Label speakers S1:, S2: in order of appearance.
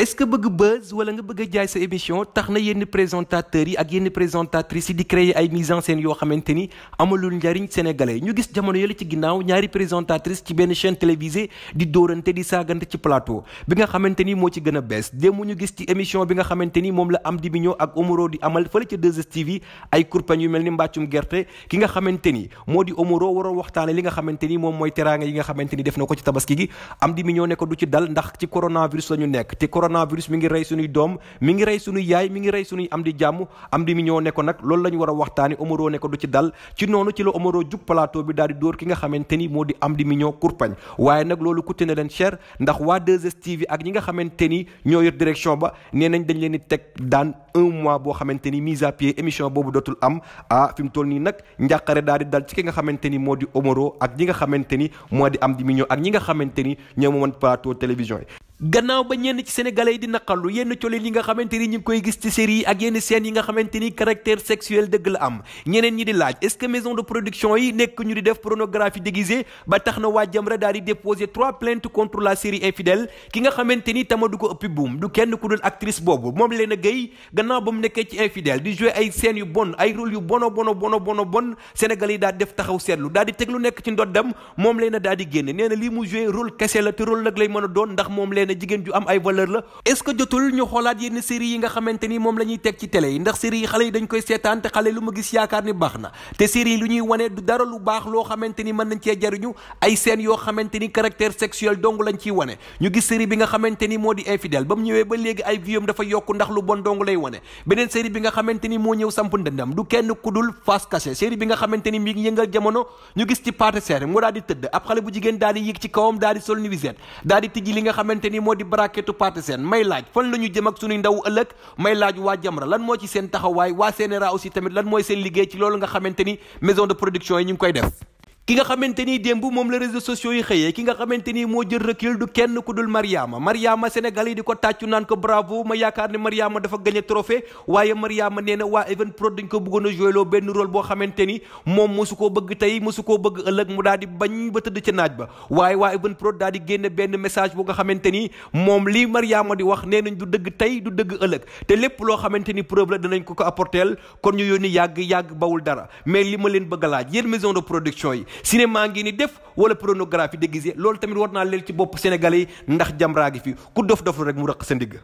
S1: est-ce que bëgg buzz wala nga bëgg jaay sa émission tax na yenn présentateurs yi ak yenn présentatrices yi di créer ay mise en scène yoo xamante ni amalul njariñ sénégalais ñu gis jamono yële ci ginnaaw ñaari présentatrices ci benn chaîne télévisée di dóorante di saagante ci plateau bi nga xamante ni moo ci gën a bees démb ñu gis ci émission bi nga xamante ni moom la Amdy Mignon ak Omoro di amal fële ca 2STV ay kurpañ yu mel ni mbàccum gerte ki nga xamante ni moo di Omoro waroo waxtaane li nga xamante ni moom mooy teraanga yi nga xamante ni def na ko ci tabaski gi Amdy Mignon ne ko du ci dal ndax ci coronavirus la ñu nekk coronavirus mi ngi rey suñuy doom mi ngi rey suñuy yaay mi ngi rey suñuy am di jàmm am di mi ñoo ne ko nag loolu la ñu war a waxtaani Omaro ne ko du ci dal ci noonu ci la Omaro jug plateau bi daal di dóor ki nga xamante ni moo di am di mi ñoo waaye nag loolu kutte na leen cher ndax waa 2STV ak ñi nga xamante ni ñoo yor direction ba nee nañ leen di teg daan mois boo xamante ni mise à émission boobu dootul am ah fi mu toll nii nag njàqare daal di ci ki nga xamante ni moo di Omaro ak ñi nga xamante ni moo di am di mi ñoo ak ñi nga xamante ni ñoo moomoon plateau télévision yi gannaaw ba ñenn ci sénégalais yi di naqarlu yenn colin yi nga xamante ni ñu ngi koy gis ci série yi ak yenn scènes yi nga xamante ni caractère sexuel dëgg la am ñeneen ñi di laaj est-ce que maison de production yi nekk ñu di def pornographie déguisée ba tax na waa Jamra daal di déposer trois plaintes contre la série infidèle ki nga xamante ni tama du ko ëppi buum du kenn ku dul actrice boobu moom Lena Gueye gannaaw ba mu nekkee ci infidèle di jouer ay scènes yu bon ay rôle yu bono bono daal di def taxaw seetlu daal di moom Lena daal di nee na lii mu jouer rôle moom leen ne jigéen ju am ay valeur la est-ce jotul ñu xoolaat yenn série yi nga xamante ni moom la teg ci télé yi ndax série yi xale yi dañ koy seetaan te xale lu ma gis yaakaar ni baax na te série yi lu ñuy wane du dara lu baax loo xamante ni mën nañ cee jariñu ay scènes yoo xamante ni caractère sexuel dong lañ ciy wane ñu gis série bi nga xamante ni moo di infidèle ba mu ñëwee ba léegi ay viom dafa yokk ndax lu bon dong lay wane beneen série bi nga xamante ni moo ñëw samp ndëndam du kenn kudul face cachée ni mi ngi yëngal jamono ñu gis ci daal di tëdd ab moo di braquetu parti seen may laaj fan la ñu jëm ak suñuy ndaw ëllëg may laaj waa Jamra lan moo ci seen taxawaay waa CNRA aussi tamit lan mooy seen liggéey ci loolu nga xamante ni maison de production yi ñu ngi koy def ki nga xamante ni démb moom la réseaux sociaux yi xëyee ki nga xamante ni moo jël recul du kenn ku dul Mariama Mariama Sénégal yi di ko tàccu naan ko bravo ma yaakaar ne Mariama dafa gagné trophée waaye Mariama nee na waa Evenprod dañ ko bëggoon a jouéloo benn rôle boo xamante ni moom mosu koo bëgg tey mosu ko bëgg ëllëg mu daal di bañ ba tëdd ca naaj ba waaye waa Evenprod daal di génne benn message bu nga xamante ni moom lii Mariama di wax nee nañ du dëgg tey du dëgg ëllëg te lépp loo xamante ni preuve danañ ko ko apporteel kon ñu yónni yàgg yàgg bawul dara mais li ma leen bëgg laaj yéen maison de production yi cinéma ngi ni def wala pornographie déguisée loolu tamit war naa leel ci bopp Sénégalais yi ndax Jamra gi fi ku dof dof rek mu rëq sa ndigg